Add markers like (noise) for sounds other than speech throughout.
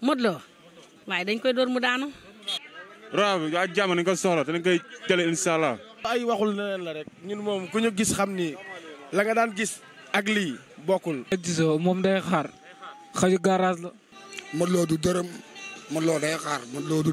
Modou Lo waaye dañ koy door mu daanu. Roi bi ak jàmm nañ ko soxla te dañ koy jëlee incha allah. ay waxul leneen la rek ñun moom ku ñu gis xam ni la nga daan gis ak lii bokkul. gisoo moom day xaar xaju garaas la. Modou Lo du dërëm Modou Lo day xaar Modou Lo du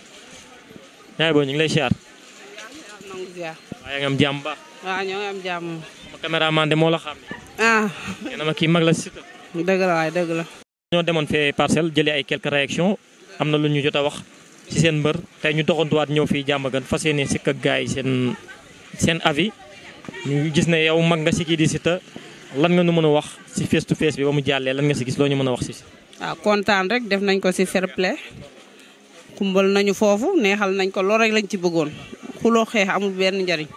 ñaay boo ñu ngi lay siyaar. waaye nga am jàmm baax. waaw ñoo ngi am jàmm. sama caméraman de moo la xam. ah. ma kii mag la si. dëgg la waay demoon fee parcelle jëlee ay quelques réactions am na lu ñu jot a wax ci seen mbër tey ñu doxantuwaat ñëw fii jàmm gan fas yéene sikk ak yi seen seen avis ñu gis ne yow mag nga si kii di Siteu lan nga nu mën a wax si face to face bi ba mu jàllee lan nga si gis loo ñu mën a wax si. Ah, kontaan rek def nañ ko si fair xumbal nañu foofu neexal nañ ko loolu rek lañ ci bëggoon xuloo xeex amul benn njariñ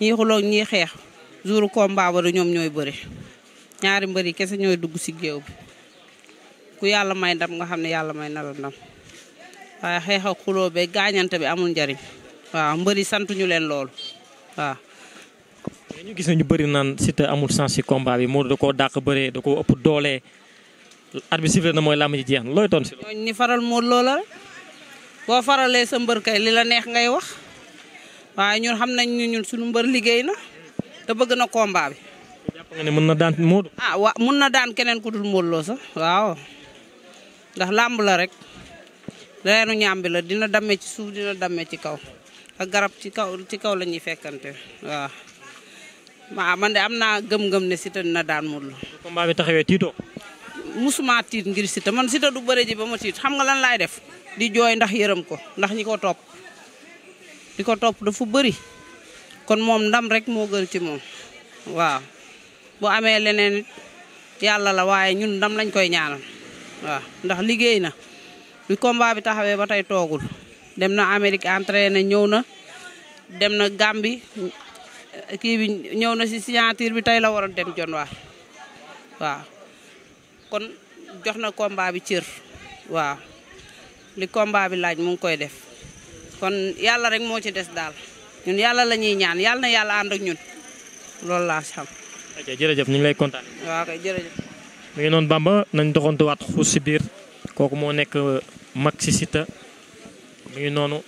ñii xuloo ñii xeex jouru combat ba ñoom ñooy bëri ñaari mbëri kese ñooy dugg si géew yàlla may ndam nga xam ne yàlla may na la xeex ak xuloo be bi amul njariñ waaw mbëri santuñu leen loolu waaw ñu gis nañu bëri naan Siteu amul sens ci combat bi moo da koo dàq bëree da koo ëpp doole arbitre sifflé na mooy làmb ji jeex na looy ton si ñi faral moo loola rek boo faralee sa mbër kay li la neex ngay wax waaye ñun xam nañ ñun suñu mbër liggéey na te bëgg na combat bi. jàpp mën na daan Modou. ah mën na daan keneen ku dul Modou sax waaw làmb la rek reenu ñàmbi la dina damme ci suuf dina damme ci kaw garab ci kaw ci kaw la ñuy fekkante waaw. waaw de am naa gëm-gëm ne Siteu dina daan Modou Lo. combat bi taxawee tiitoo. musuma tiit ngir Siteu man Siteu du bëre ji ba ma tiit xam nga lan laay def. di jooy ndax yërëm ko ndax ñi ko topp di ko topp dafa bëri kon moom ndam rek moo gën ci moom waaw bu amee leneen yàlla la waaye ñun ndam lañ koy ñaanam waaw ndax liggéey na bi combat bi taxawee ba tey toogul dem na Amérique ne ñëw na dem na Gambie kii bi ñëw na si signature bi tey la waroon dem jon waa waaw kon jox na komba bi cër waaw li combat bi laaj mu ngi koy def kon yàlla rek moo ci des daal ñun yàlla la ñuy ñaan yàlla na yàlla ànd ak ñun loolu laa xam. ok jërëjëf ñu ngi lay kontaan. waaw kay jërëjëf. mi ngi noonu Bamba nañ doxantuwaat xuus si biir kooku moo nekk euh, mag si Siteu mi ngi noonu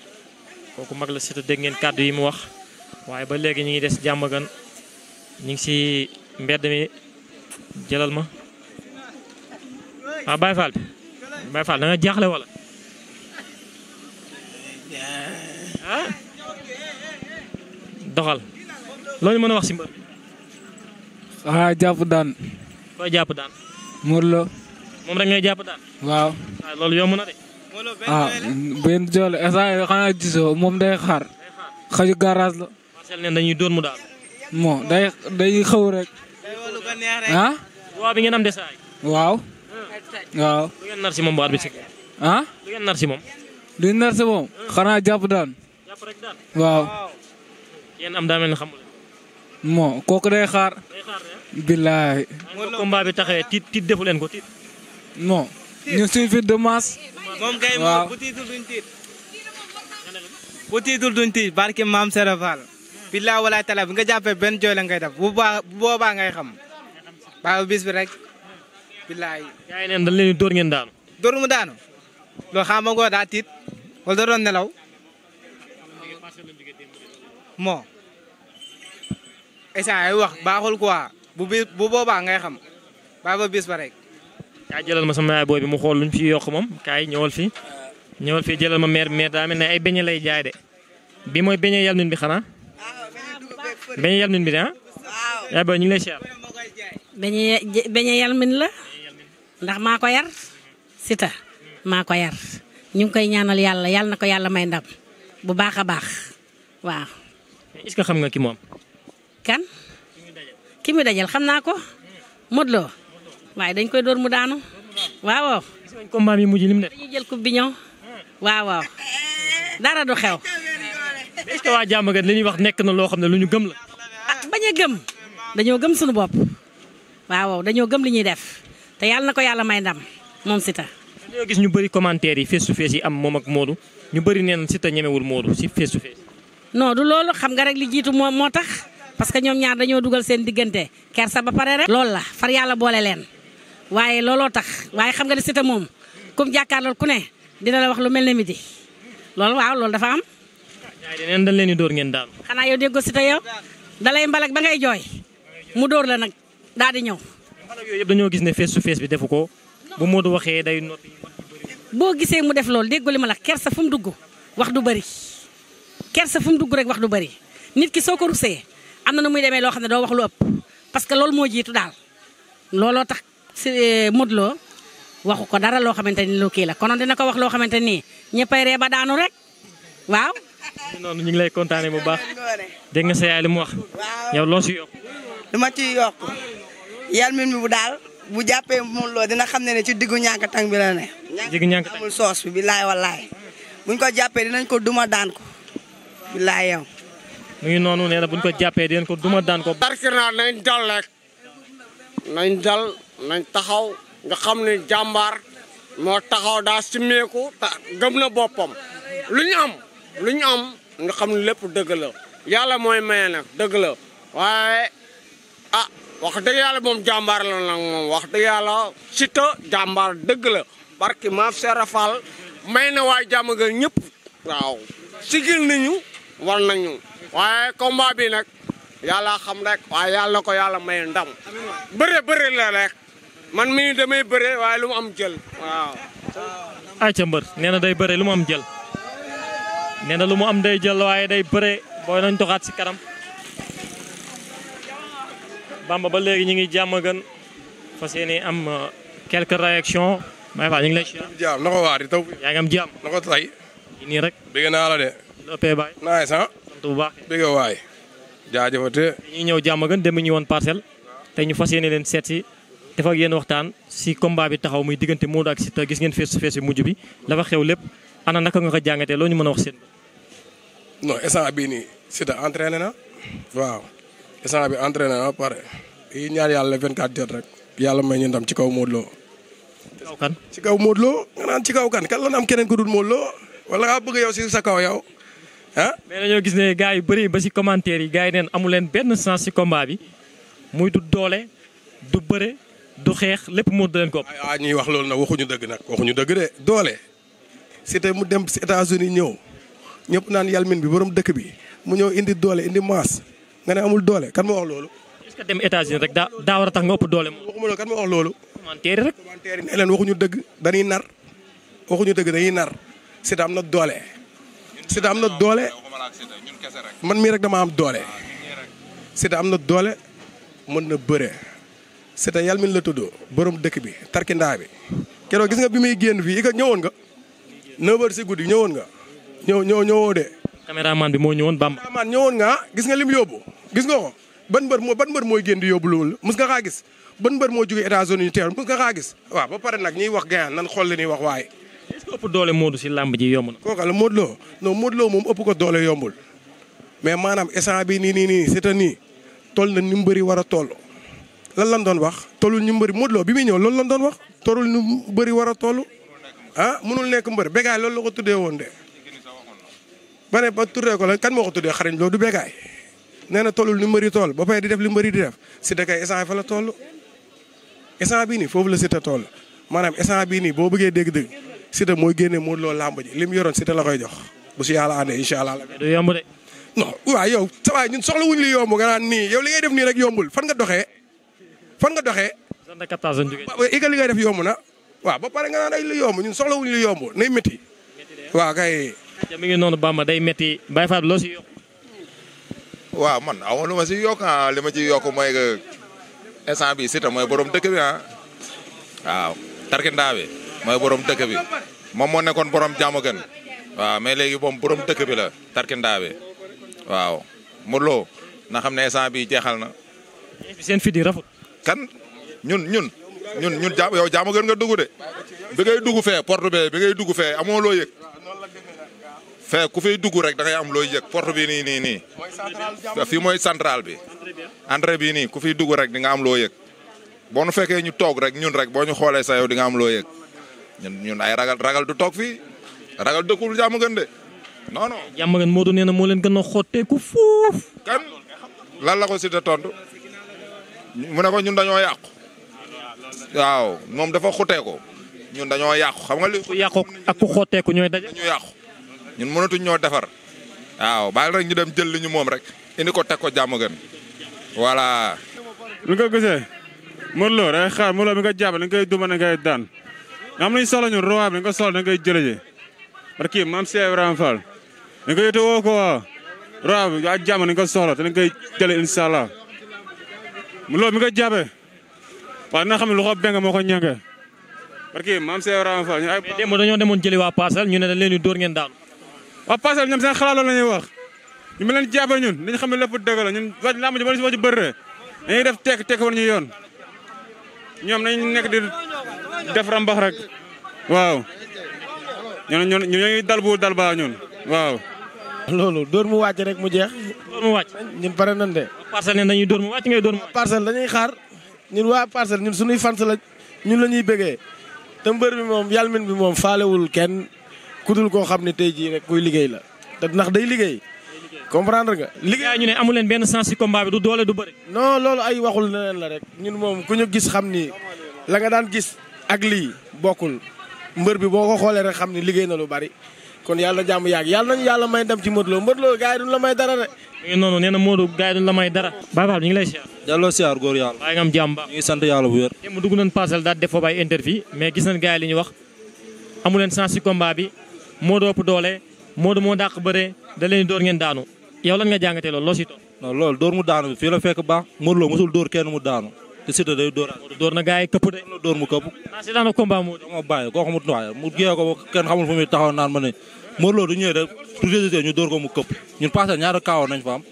kooku mag la Siteu dégg ngeen kàddu yi mu wax waaye ba léegi ñu ngi des jàmm gan ñu ngi si mbedd mi jëlal ma ah Baye Fall Baye Fall da nga jaaxle wala. doxal loo mën a wax si mbër. ah jàpp daan. koy la moom rek jàpp daan. waaw. waaw ah, loolu yomb na de. ah benn joole instant yii moom day xaar. xaju garage la. parcelle neen dañuy dóor mu daal. bon day day xaw rek. ah. waaw bi ngeen am desaay. waaw. Hmm. waaw. si moom bu arbitre. ah. moom. nar si moom. Hmm. xanaa jàpp daan. waaw. yéen am daa mel ni xamul. moo kooku day xaar. day xaar de. billaay. combat bi taxee tiit tiit defu leen ko tiit. non. ñu suivi de masse. moom kay moom bu tiitul duñ tiit. bu tiitul duñ maam Serap Fall. billaay walaay tala bi nga jàppee benn jooy la ngay def bu boobaa ngay xam. baaw bis bi rek. billaay. yaa ngi ngeen daanu. dóor mu daanu. loolu xam nga daa tiit wala da nelaw. bon essence ay wax baaxul quoi bu bis bu boobaa ngay xam baa ba bis ba rek. kaa jëlal ma sama yaay booy bi mu xool luñ fi yokk moom kaay ñëwal fii ñëwal fii jëlal ma meer meer daa mel ne ay beñe lay jaay de bi mooy beñe yal nañ bi xanaa beñe de ah. yaay booy ñu lay siyaar. beñe beñe yal nañ la ndax maa ko yar sita maa ko yar ñu koy ñaanal yàlla yàlla na ko yàlla may ndam. bu baax a baax waaw. est xam nga ki moom. kan ki mu dajal xam naa ko Modou Lo waaye dañ koy dóor mu daanu waaw waaw. mujj li mu jël coupe bi ñëw waaw dara du xew. est-ce waa Jàmmagat li ñuy wax nekk na loo xam ne lu ñu gëm la. ah bañ a gëm dañoo gëm suñu bopp waaw dañoo gëm li ñuy def te yàlla na ko yàlla may ndam moom Siteu. dañoo gis ñu bari commentaire yi face to face yi am moom ak Modou. ñu bëri neen Siteu ñemewul Modou si face to face non du loolu xam nga rek li jiitu moom moo tax parce que ñoom ñaar dañoo dugal seen diggante kersa ba pare rek. loolu la far yàlla boole leen waaye looloo tax waaye xam nga ne Siteu moom comme jàkkaarlool ku ne dina la wax lu mel ne midi loolu waaw lool dafa am. waaw dañ leen di dóor ngeen daal. xanaa yow déggoo Siteu yow dalay mbalak ba ngay jooy mu dóor la nag daal di ñëw. mbalak yooyu dañoo gis ne face to face bi defu ko bu Modou waxee day noppi. boo gisee mu def loolu déggoo li ma la kersa fu mu dugg wax du bëri kersa fu mu dugg rek wax du bëri nit ki soo ko rusee am na nu muy demee loo xam ne doo wax lu ëpp parce que loolu moo jiitu daal looloo tax si eh, Modou waxu ko dara loo xamante ni lu kii la konoon dina ko wax loo xamante nii ñëppay ree ba daanu rek waaw. noonu ñu ngi lay kontaanee bu baax dégg nga sa yaay li mu wax yow loo si yokk. dama ciy mi bu daal. bu jàppee moom loolu dina xam ne ne ci diggu ñànk tàng bi la ne. diggu ñànk amul soos bi bilaay walaay buñ ko jàppee dinañ ko duma daan ko bilaay yow. mu ngi noonu nee na buñ ko jàppee dinañ ko duma daan ko. barke naa nañ dal rek nañ dal nañ taxaw nga xam ne jàmbaar moo taxaw daa simmeeku ta gëm na boppam lu ñu am lu ñu am nga xam ne lépp dëgg la yàlla mooy maye nag dëgg la waaye ah. wax dëgg yàlla moom jàmbaar la nag moom wax dëgg yàlla Siteu jàmbaar dëgg la barki maaf Serap Fall may na waa jàmm ga ñëpp. waaw sigil nañu war nañu waaye combat bi nag yàlla xam rek waaye yàlla ko yàlla may ndam bëre bëre la rek man mii damay bëre waaye lu mu am jël waaw. ayca mbër nee na day bëre lu mu am jël nee na lu mu am day jël waaye day bëre booy nañ doxaat si kanam. Bamba ba léegi ñu ngi jàmm gën fas yéene am euh, quelques réactions. Baye ñu ngi lay. jaam na ko yaa ngi am jaam na ko tay. nii rek. bëgg naa la de. ëppee baay. naay ah. sant bu baax. bëgg waay. jaajëfate. ñu ñëw jàmm gën dem ñu woon parcelle. te ñu fas yéene leen seet si. def ak yéen waxtaan si combat bi taxaw muy diggante Modou ak Siteu gis ngeen face to face bi mujj bi. la xew lépp ana naka nga ko jàngatee loo ñu mën a wax seen. non instant bii nii Siteu entraîné na waaw. instant bi entraîné na pare yi ñaar yàlla 24 heures rek yàlla may ñu ndam ci kaw Modou Lo. ci kaw kan ci kaw Modou nga naan ci kaw kan kan la am keneen ko dul Modou Lo wala bëgg yow si sa kaw yow ah. mais dañoo gis ne gars yu bëri ba si commentaire yi gars yi neen amu leen benn sens si combat bi muy du doole du bëre du xeex lépp moo da leen ko. waaw ñuy wax loolu nag waxuñu dëgg nag waxuñu dëgg de doole c'était mu dem si États-Unis ñëw ñëpp naan yalmin bi borom dëkk bi mu ñëw indi doole indi masse. nga ne amul doole kan moo wax loolu. est-ce que dem États-Unis rek daa daa war a tax nga ëpp doole moom. waxuma loolu kan moo wax loolu. commentaire rek commentaire ne waxuñu dëgg dañuy nar waxuñu am na doole. Siteu am na doole man mii rek dama am doole. Siteu am na doole mën na bëre Siteu yàlla min la tudd borom dëkk bi tarkindaa bi keroog gis nga bi muy génn fii i ka ñëwoon nga 9h si guddi ñëwoon nga ñëwoo de. caméraman bi moo ñëwoon Bamba. caméraman ñëwoon nga gis nga lim yóbbu gis nga ko ban mbër moo ban mbër mooy génn di yóbbu loolu mos nga kaa gis ban mbër moo jógee États-Unis ñu teewoon mos nga kaa gis. waaw ba pare nag ñuy wax gayaan nan xool li ñuy wax waaye. est-ce que ëpp doole Modou si làmb ji yomb na. kooka la Modou Lo non Modou Lo moom ëpp ko doole yombul mais maanaam instant bi nii nii nii c'est nii toll na ni mu bëri war a toll. lan lan doon wax tollul ñu mbëri Modou Lo bi muy ñëw loolu lan doon wax tollul ñu mbëri war a toll ah mënul nekk mbër bégaay loolu la ko tuddee woon de ba ne ba tuddee ko la kan moo ko tuddee xarañ loolu du békaay nee na tollul ni mbëri tool ba pare di def li mbëri di def si dakay essence fa la toll. essence bii nii foofu la Siteu toll maanaam essence bii nii boo bëggee dégg-dégg Siteu mooy génnee Modou Lo làmb ji li mu yoroon Siteu la koy jox bu si yàlla àndee incha allah. du yomb de. non waaw yow sa waay ñun soxla wuñ li yomb nga naan nii yow li ngay def nii rek yombul fan nga doxee fan nga doxee. zone de captage lañ jógee. igal eh, li ngay def yomb na waaw ba pare nga naan ay li yomb ñun soxla wuñ li yomb nay métti. waaw kay mi ngi noonu Bamba day metti Baye Fall loo si yokk. waaw man aw lu si yokk ah li ma ci yokk mooy que instant bi Siteu mooy borom dëkk bi ah. waaw tarkindaa bi mooy borom dëkk bi moom moo nekkoon borom jàmm gën waaw mais léegi moom borom dëkk bi la tarkindaa bi waaw mu loo na xam ne instant bi jeexal na. seen fit di rafet. kan ñun ñun ñun ñun yow jàmm gën nga dugg de. bi ngay dugg fee porte bi bi ngay dugg fee amoo loo yëg. fee ku fay dugg rek dangay am looy yëg porte bi nii nii nii. fii mooy centrale bi. entrée bi nii ku fiy dugg rek di nga am loo yëg. boo nu fekkee ñu toog rek ñun rek boo ñu xoolee sa yow di nga am loo yëg ñun ñun ay ragal ragal du toog fii ragal dëkkul jàmm gën de non non. jàmm gën na moo leen gën a xotteeku fuuf. kan lan la si Siteu tontu mu ne ko ñun dañoo yàqu. waaw moom dafa xotteeku ñun dañoo yàqu xam nga li. ku yàqu ak ku xotteeku ñooy daje. dañu yàqu ñun mënatuñ ñoo defar waaw bàyyi rek ñu dem jël li ñu moom rek indi ko teg ko jàmm gën voilà. lu nga gisee Modou Lo day xaar Modou Lo mi nga jàpp ne ngay duma ne ngay daan nga am nañu soxla ñun roi bi nga soxla ne ngay jëlee ji parce que maam Cheikh Ibrahima Fall ne nga yëte woo ko roi bi ak jàmm ne nga te ne ngay jëlee incha allah Modou Lo mi nga jàppee xam ne lu ko beng moo ko ñànge parce que maam Cheikh Ibrahima Fall ñu ne dañ leen ngeen daanu. waa passé ñoom seen xalaat loolu la wax ñu mu leen jàppee ñun nañ xam ne lépp dëgg la ñun wàcc làmb ji ba si wàcc bëree dañuy ñu yoon ñoom nañ nekk di def rambax rek waaw ñoo ñoo ñoo ñuy bu dal ba ñun waaw. loolu dóor mu wàcc rek mu jeex. dóor mu wàcc ñun pare nan de. parcelle dañuy dóor mu wàcc ngay dóor mu wàcc. parcelle dañuy xaar ñun waa parcelle ñun suñuy fans la ñun la ñuy bëggee te mbër bi moom yàlla bi moom faalewul kenn. kudul koo xam ne tey jii rek kuy liggéey la da ndax day liggéey. comprendre nga liggéey ñu ne amu leen benn sens ci combat bi du doole du bëri. non loolu ay waxul leneen la rek ñun moom ku ñu xam ni la nga daan gis ak lii bokkul bi boo ko xoolee rek xam ni liggéey na lu bari kon yàlla jàmm yàgg duñu la may dara de. mais noonu nee na la may dara. Babacar ñu ngi lay siyaar. delloo siyaar góor yàlla. waaye nga am jàmm baax ñu ngi sant yàlla bu wér. démb dugg nañu parcelle daal def foofu ay interview mais gis nañu gars yi li ñu wax amu leen sens ci combat bi moo dopp doole moo moo dàq bëre da leen dóor ngeen daanu yow lan nga jàngatee loolu loo si toog. non loolu dóor mu daanu bi fii la fekk baax moo Lo mosul dóor kenn mu daanu te Siteu day door na gars yi këpp de. dóor mu këpp. ah si daanaka koo xamut waaye mu gee ko kenn xamul fu muy taxaw naan ma ne Modou Lo du ñëwee ko mu këpp ñun passé ñaari kaaw nañ fa am.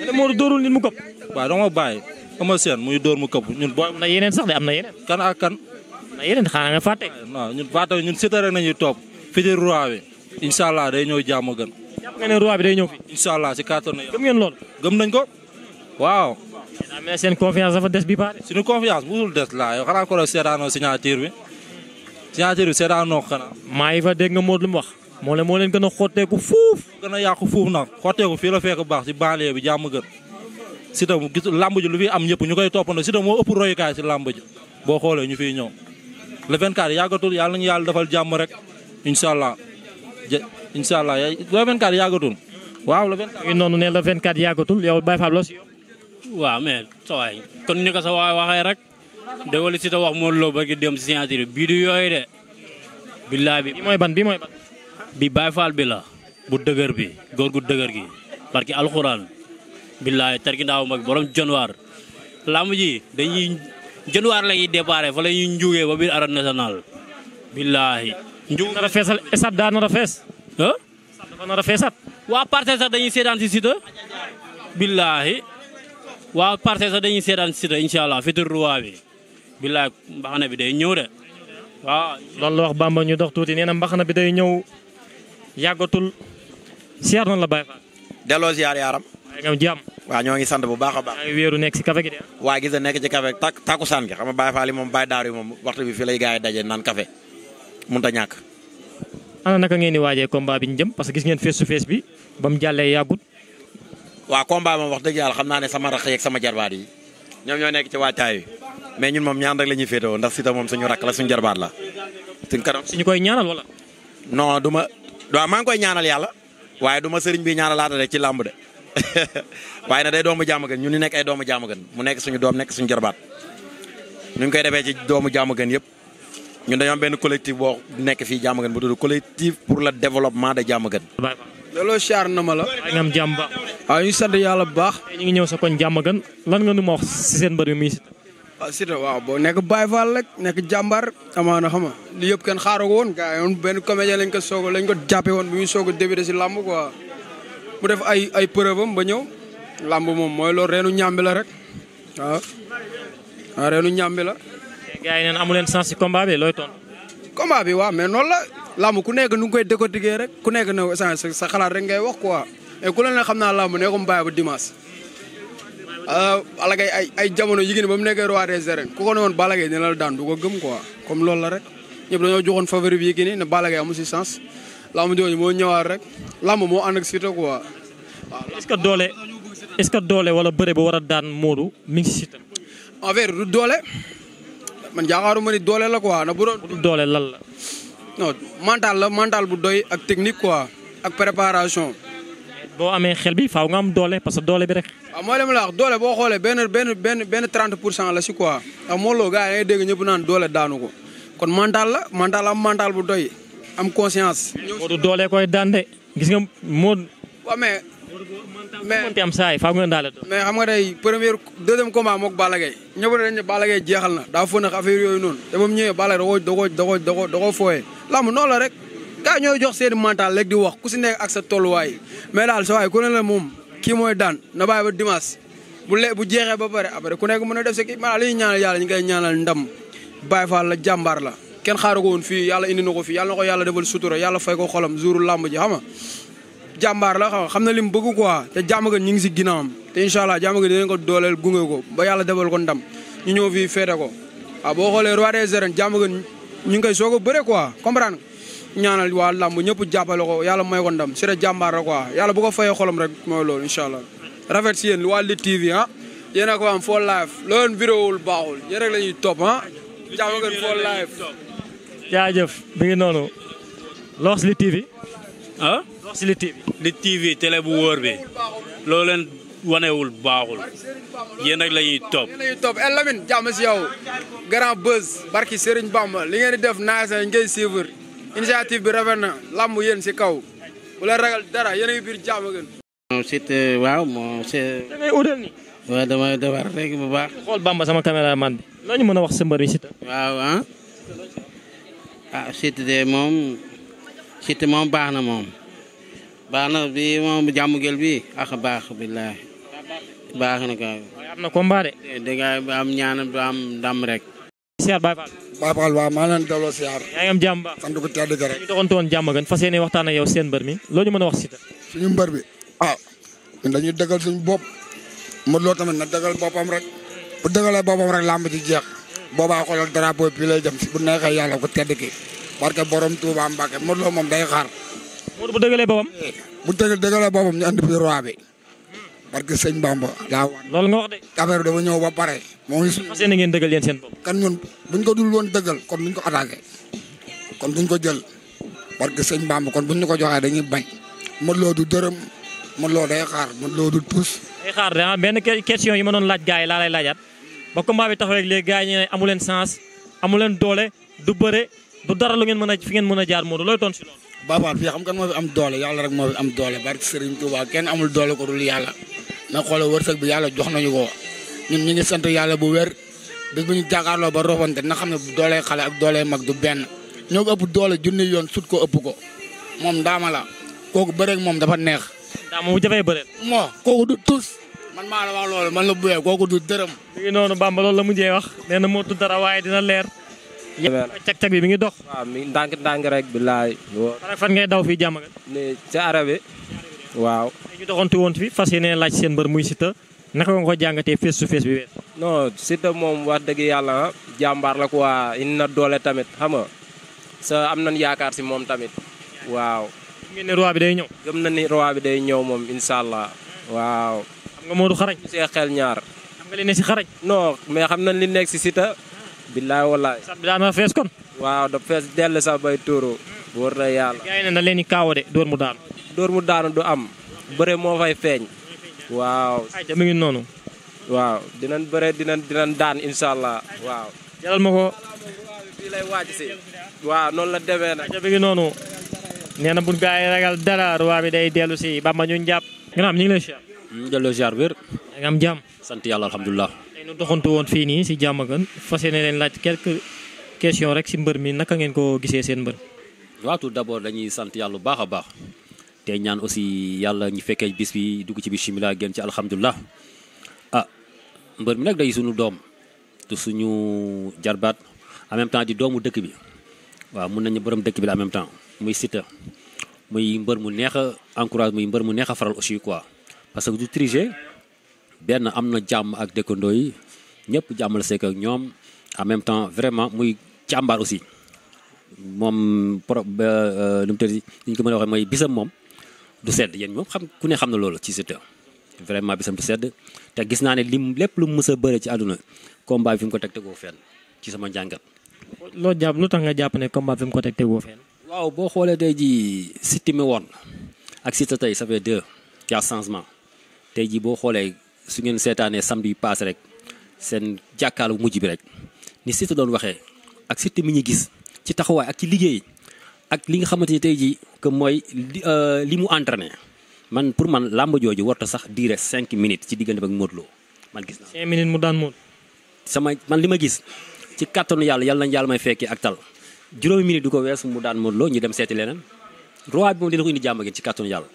mais Modou dóorul mu këpp. waaw dama bàyyi ama seen muy dóor mu këpp ñun. booy am na yeneen sax de am na yeneen. kan ak kan. am na yeneen xanaa nga fàtte. waaw ñun fàtte ñun Siteu rek nañuy topp fiti roi bi day ñëw jàmm gën. jàpp nga ne roi bi day ñëw fi. incha allah si kàttanu gëm ngeen lool gëm nañ ko waaw. mais seen confiance dafa des bi pare. suñu confiance musul des laa xanaa ko la seetaanoo signature bi signature bi seetaanoo xanaa. maa ngi fa dégg nga Modou mu wax. moo leen moo leen gën a xotteeku fuuf. gën a yàqu fuuf nag xotteeku fii la fekk baax si banlieue bi jàmm gën. Siteu mu gis làmb ji lu fi am ñëpp ñu koy toppandoo Siteu moo ëpp royukaay si làmb ji boo xoolee ñu jàmm rek. incha allah jë incha allah yaay le 24 yàggatul. waaw le 24 yàggatul yow Baye Fall si waaw mais sa waay kon ni sa waay waxee rek. déggoo li si ta wax Modou Lo barki dem si signature bii du yooyu de. billaay bi mooy ban bi mooy ban. bi Baye Fall bi la. bu dëgër bi góor gu dëgër gi. barki alxuraan. billaay terki ndaaw mag borom januar. làmb ji dañuy januar la ñuy déparé fa la njuugee ba biir arène nationale. billaay. njuum nar feesal stade daa nar a fees. ah. waa Parcelles sax dañuy seetaan si Siteu. billaahi. waa Parcelles sax dañuy seetaan si Siteu incha allah fitir roi bi. billaahi mbaxana bi day ñëw de. waaw loolu la wax Bamba ñu dox tuuti nee na mbaxana bi day ñëw yàggatul. siyaar na la Baye Fall. delloo siyaar yaaram. waaye jàmm. waaw ñoo ngi sant bu baax a baax. ay wéeru nekk si kafe gi de. waa gis nga nekk ci kafe takku saan gi xam nga Baye Fall moom Baye Daaru yi moom waxtu bi fi lay gars yi daje naan kafe. mun a ñàkk. ana naka ngeen di waajee combat bi ñu jëm parce que gis ngeen face to face bi ba mu jàllee yàggut. waaw combat moom wax dëgg yàlla xam naa ne sama rakk yeeg sama jarbaat yi ñoom ñoo nekk ci waajtaay mais ñun moom ñaan rek la ñuy féetewoo ndax Siteu moom suñu rakk la suñu jarbaat la. suñu kanam suñu koy ñaanal wala. non du ma waaw maa ngi koy ñaanal yàlla waaye du ma sëriñ bi ñaanalaata rek ci làmb de (laughs) waaye na day doomu jàmm gën ñun ñu nekk ay doomu jàmm gën mu nekk suñu doom nekk suñu jarbaat ñu koy defee ci doomu jàmm gën yëpp ñun dañoo am benn collectif boo nekk fii Diamaguène bu tudd collectif pour le développement de Diamaguène. looloo siyaar na ma la. waaye nga am jàmm baax. waaw ñu sant yàlla bu baax. ñu ngi ñëw sa koñ Diamaguène lan nga nu ma wax si seen mbër mi muy Siteu. waaw Siteu waaw boo nekk Baye nekk jàmbaar amaana xam nga li yëpp kenn xaaru woon gars benn comédien lañ ko soog lañ ko jàppee bu ñu a débuté si làmb quoi mu def ay ay preuve ba ñëw làmb moom mooy loolu reenu ñàmbi la rek waaw reenu ñàmbi la. gars yi neen amu leen sens ci combat bi looy tontu. combat bi waaw mais noonu la làmb ku nekk nu ngi koy décortiquer rek ku nekk na sa sa xalaat rek ngay wax quoi et ku leen xam naa làmb ne ko mu bàyyi ba dimanche. Euh, Balla Gaye ay ay jamono yi ngeen ba mu nekkee roi des arènes ku ko ne woon Balla Gaye dina la daan du ko gëm quoi comme loolu la rek ñëpp dañoo joxoon favori bi Yékini ne Balla Gaye amu ci sens làmb jooju moo ñëwaat rek làmb moo ànd ak Siteu que doole est-ce que doole wala bëre bu daan Modou man yaakaaruma ni doole la quoi na bu doon. doole lan la. non mental la mental bu doy ak technique quoi ak préparation. boo amee xel bi faaw nga am doole parce que doole bi rek. waaw ah, mooy la wax doole boo xoolee benn benn benn benn pour cent la si quoi ndax Mawlo gars yi dégg ñëpp naan doole daanu ko kon mental la mental am mental bu doy am conscience. ñëw doole koy daan de gis nga moo. waaw mais mais am saay faa nga daal mais xam nga day premier deuxième combat mook Balla Gaye ñëpp dañ ne Balla Gaye jeexal na daa fën ak affaire yooyu noonu te moom ñëwee Balla Gaye da koo da koo da koo lamb noonu rek gars ñooy jox seen mental rek di wax ku si nekk ak sa tolluwaay mais daal sa waay ku ne la moom kii daan na bàyyi ba dimanche bu le bu jeexee ba pare après ku nekk mën a def sa kii maanaam li ñuy ñaanal yàlla ñu koy ñaanal ndam Baye Fall la jàmbaar la kenn xaaru ko woon fii yàlla indi na ko fii yàlla jàmbaar la xam na lim bëgg quoi te jàmmagan ñu ngi si ginnaawam te incha allah jàmmagan dinañ ko dooleel gunge ko ba yàlla defal ko ndam ñu ñëw fii féete ko waaw ah, boo xoolee roi des arènes jàmmagan ñu koy soog a bëre quoi comprendre ñaanal waa làmb ñëpp jàppale ko yàlla may ko ndam si rek jàmbaar la quoi yàlla bu ko fayee xolam rek mooy loolu incha allah rafet si yéen waa Lutte TV ah yéen a ko am foo live loolu vidéowul baaxul yéen rek la ñuy topp ah jàmmagan foo live jaajëf bi ngi noonu loos si li TV. li bu wóor bi loo wanewul baaxul yéen rek la ñuy topp. yéen la ñuy topp si yow grand buzz barki Serigne Bamba li ngeen def naaj sax ngay suivre initiative bi rafet na lamb si kaw bu la ragal dara yéen a ngi biir gën. moom euh, waaw moom c'est. da ni. waaw damay defar rek bu baax. xool Bamba sama caméraman bi. loo ñu mën a wax sa mbër yi waaw ah. ah de moom Siteu moom baax na moom. baax na bi moom jàmm gel bi ak baax billaahi baax na kaay. am na combat de. Eh, dégg nga am ñaan am ndam rek. siyaar Baay Faal. Baay Faal waaw maa leen delloo siyaar. yaa ngi am jàmm baax. sant ko tedd waxtaan ak yow seen mbër mi loo mën a wax si ta suñu mbër bi ah ñun dañuy dëggal suñu bopp mu loo tamit na dëggal boppam rek bu dëggalee boppam rek làmb ci jeex boobaa xoolal drapeau bi lay jëm si bu neexee yàlla ko tedd ki parce que borom Touba Mbacke mu loo moom day xaar Modou bu dëgalee boppam. bu dëgg dëgalee boppam ñu andi bi roi bi. parce que sëñ Bamba. daa loolu nga wax de. affaire dafa ñëw ba pare. moo ngi suñu. fas yéene ngeen dëgal yéen seen bopp. kan ñun buñ ko dul woon dëgal kon buñ ko attaqué. kon duñ ko jël. parce que sëñ Bamba kon buñ ko joxee dañuy bañ. Modou Lo du dërëm Modou Lo day xaar Modou Lo du puus. day xaar de ah benn question yi ma doon laaj gars laa lay laajaat ba combat bi tax rek léegi gars yi ñu ne leen sens amu leen doole du bëre a fi ngeen mën a si loolu Baapaar fii xam kan moo fi am doole yàlla rek moo fi am doole barke Serigne Touba kenn amul doole ko dul yàlla na xoolal wërsëg bi yàlla jox nañu ko ñun ñu ngi sant yàlla bu wér bés bu ñu jàkkaarloo ba roofante na xam ne doole xale ak doole mag du benn ñoo ko ëpp doole junni yoon sut ko ëpp ko moom daama la kooku bëreeg moom dafa neex. daama bu jafee bëreeg. moo kooku du tus. man maa la wax loolu man la buyee kooku du dërëm. mi ngi noonu Bamba cag-cag bi mi ngi dox. waaw mi ndànk ndànk rek bilaay. fan ngay daw fii jàmm. ne ci arabe. waaw. ñu doxantu woon fi fas yéene laaj seen mbër muy Siteu naka nga ko jàngatee face to face bi weer. non Siteu moom wax dëgg yàlla jàmbaar la quoi indi na doole tamit xam nga sa am na yaakaar si moom tamit. waaw. gëm ngeen ne roi bi day ñëw. gëm na ni day ñëw moom incha allah. waaw. xam nga Modou xarañ. see xel ñaar. nga li ne si xarañ. non mais xam nañ li nekk si Siteu billaay wallaay. sax bi fees kon. waaw da fees dell sax bay tóoroo. wóor na yàlla. gars yi leen di kaaw de dóor mu daanu. dóor mu daanu du am. bëre moo fay feeñ. waaw. ayca mi ngi noonu. waaw dinañ bëre dinañ dinañ daan incha allah waaw. jëlal ma ko. fii la demee na ayca mi ngi noonu. nee bu gars yi ragal dara roi bi day dellu si Bamba ñu jàpp. gannaaw ñu ngi lay ziar. ñu ngi delloo ziar wér. nga am jàmm. sant yàlla alhamdulilah. ñu doxantu woon fii nii si Diamaguène fas yéene leen laaj quelques questions rek si mbër mi naka ngeen ko gisee seen mbër. waaw tout d'abord dañuy sant yàlla bu baax a baax te ñaan aussi yàlla ñu fekkee bis bi dugg ci bismillah gën ci alhamdulilah ah mbër mi nag day suñu doom te suñu jarbaat en même temps di doomu dëkk bi waaw mun nañu borom dëkk bi la même temps muy Siteu muy mbër mu neex a encourage muy mbër mu neex a faral aussi quoi parce que du tricher. benn am na jàmm ak dëkkandoo yi ñëpp jàmmal la sekk ak ñoom en même temps vraiment muy jàmbaar aussi moom pro lu euh, mu tëdd ni ñu ko mën wax waxee mooy bisam moom du sedd yéen moom xam ku ne xam na loolu ci Siteu vraiment bisam du sedd te gis naa ne lim lépp lu mu mës a bëre ci àdduna combat fi mu ko teg tegoo fenn ci sama njàngat. loo jàpp lu tax nga jàpp ne combat bi mu ko teg tegoo fenn. waaw boo xoolee tey jii Siteu mi woon ak Siteu tey sa fait deux y a changement tey jii boo xoolee. su ngeen seetaanee samedi yu paase rek seen jàkkaarloo mujj bi rek ni Siteu doon waxee ak Siteu mi ñu gis ci taxawaay ak ci liggéey ak li nga xamante ni tey jii que mooy li euh, mu entraîné man pour man làmb jooju warta sax diire cinq minutes ci diggante ak Modou Lo man gis naa. cinq mu daan Modou. sama man li ma gis ci kàttanu yàlla yàlla nañu yàlla may fekkee ak tal juróomi minutes du ko weesu mu daan Modou loo ñu dem seeti leneen roi bi moom dina ko indi jàmm ci kàttanu yàlla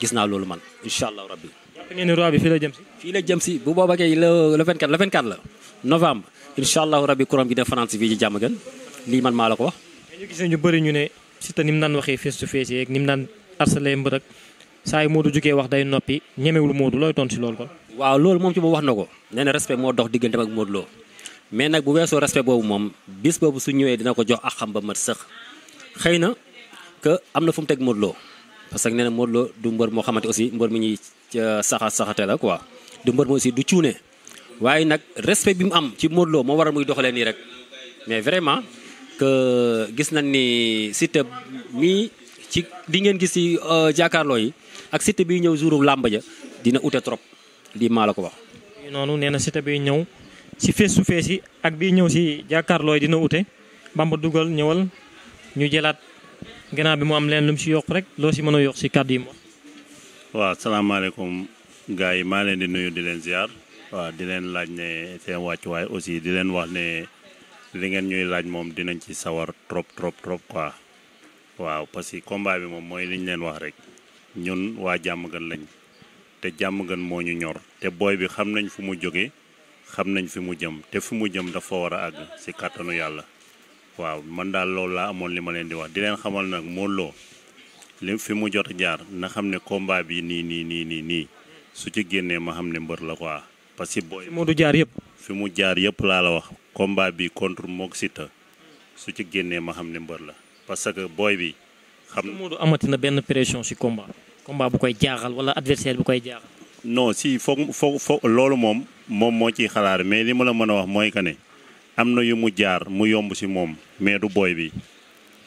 gis naa loolu man incha allah rabbi da ngeen ni roi bi fii la jëm si. fii la jëm si bu boobaa kay le le 24 le 24 la novembre incha allahu rabi kuram gi def France fii ci jàmm gën lii man maa la ko wax. mais ñu gis ñu bëri ñu ne Siteu ni mu naan waxee face to face yeeg ni mu naan harcelé mbër ak saa yu Modou jugee wax day noppi ñemewul Modou looy ton si lool ko waaw loolu moom ci moom wax na ko nee na respect moo dox digganteem ak Modou Lo mais nag bu weesoo respect boobu moom bis boobu su ñëwee dina ko jox ak xam ba mat sëx xëy na am na fu mu teg Modou Lo parce que nee na Modou Lo du mbër moo xamante aussi mbër mi ñuy saxa saxate la quoi du mbër moo aussi du cuune waaye nag respect bi mu am ci Modou Lo moo waral muy doxalee nii rek mais vraiment que gis nañ ni Siteu mii ci li ngeen gis ci euh, jàkkaarloo yi ak Siteu bi ñëw jouru làmb ja dina ute trop lii maa la ko wax. noonu nee na Siteu bi ñëw si fees su fees yi ak bii ñëw si jàkkaarloo yi dina ute Bamba dugal ñëwal ñu jëlaat. gannaaw bi mu am leen lu mu si yokk rek loo ci mën a yokk si kàddu yi mu wax. waaw salaamaaleykum gars yi maa leen di nuyu di leen ziar. waaw di leen laaj ne seen wàccuwaay aussi di leen wax ne li ngeen ñuy laaj moom dinañ ci sawar trop trop trop quoi. waaw parce que combat bi moom mooy li leen wax rek ñun waa jàmm gën lañ te jàmm gën moo ñu ñor te booy bi xam nañ fu mu jóge xam nañ fi mu jëm te fi mu jëm dafa war a àgg si kàttanu yàlla. waaw man daal loolu laa amoon li ma leen di wax di leen xamal nag Modou Lo li fi mu jot jaar na xam ne combat bi nii nii nii nii nii su ci génnee ma xam ne mbër la quoi parce que booy. Modou jaar yëpp. fi mu jaar yëpp laa la wax combat bi contre moog su ci génnee ma xam ne mbër la parce que booy bi. xam Modou amati na benn pression si combat. combat bu koy jaaxal wala adversaire bu koy jaaxal. no si foog foog foog loolu moom moom moo ciy xalaat mais li ma la mën a wax mooy que ne. am na yu mu jaar mu yomb si moom mais du booy bi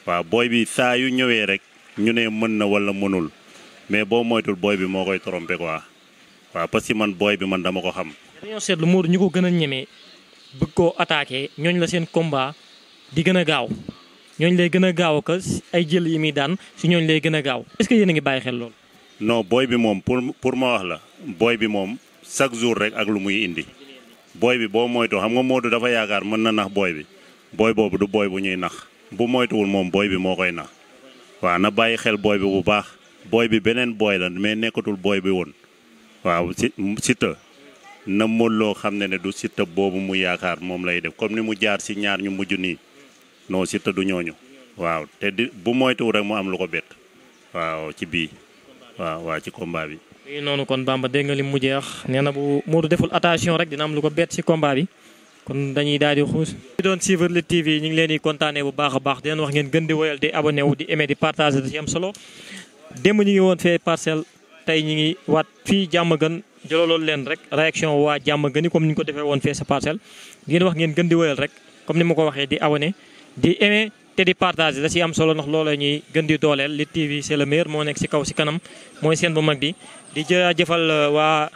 waaw booy bi saa yu ñëwee rek ñu ne mën na wala mënul mais boo moytul booy bi moo koy trompé quoi waaw parce que man booy bi man dama ko xam. dañoo seetlu Modou ñu ko gën a ñemee bëgg koo attaqué ñooñu la seen combat di gën a gaaw ñooñ lay gën a gaaw a ay jël yi muy daan si ñooñu lay gën a gaaw est ce que yéen a ngi bàyyi xel loolu. non booy bi moom pour pour ma wax la booy bi moom chaque jour rek ak lu muy indi. booy bi boo moytu xam nga Modou dafa yaakaar mën na nax booy bi booy boobu du booy bu ñuy nax bu moytuwul moom booy bi moo koy nax waaw na bàyyi xel booy bi bu baax booy bi beneen booy la mais nekkatul booy bi woon waaw si Siteu na mënuloo xam ne ne du Siteu boobu mu yaakaar moom lay def comme ni mu jaar si ñaar ñu mujj nii noo Siteu du ñooñu waaw te di bu moytuwul rek mu am lu ko bett waaw ci bii waaw waa ci kombaa bi i noonu kon Bamba dégg nga li mu jeex nee na bu Modou deful attention rek dina am lu ko bett ci combat bi kon dañuy daal di xuus di doon suivre Lutte TV ñu ngi leen di kontaanee bu baax baax di leen wax ngeen gën di woyal di abonné wu di aimé di partager solo démb ñu ngi woon fee parcelle tey ñu ngi waat fii jàmm gën jëlaloon leen rek réaction waa jàmm gën yi comme ni ñu defee woon fee sa parcelle di leen wax ngeen gën di woyal rek comme ni ma ko waxee di abonné di te di partager da ci am solo ndax looloo ñuy gën di dooleel Lutte TV c'est le meilleur moo nekk ci kaw ci kanam mooy seen bu mag bi di jëfal euh, waa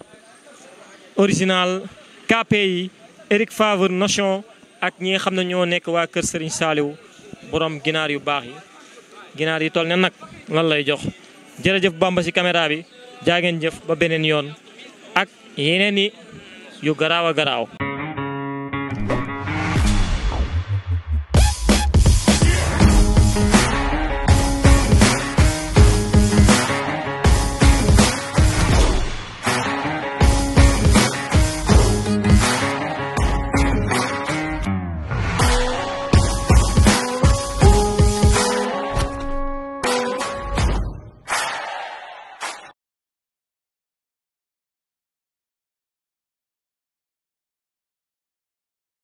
original KPI Eric Favre Notion ak ñi nga xam ne ñoo nekk waa kër Serigne Saliou borom ginaar yu baax yi ginaar yi toll ne nag lan lay jox jërëjëf Bamba ci caméra bi jaa ngeen jëf ba beneen yoon ak yeneen yi yu garaaw a garaaw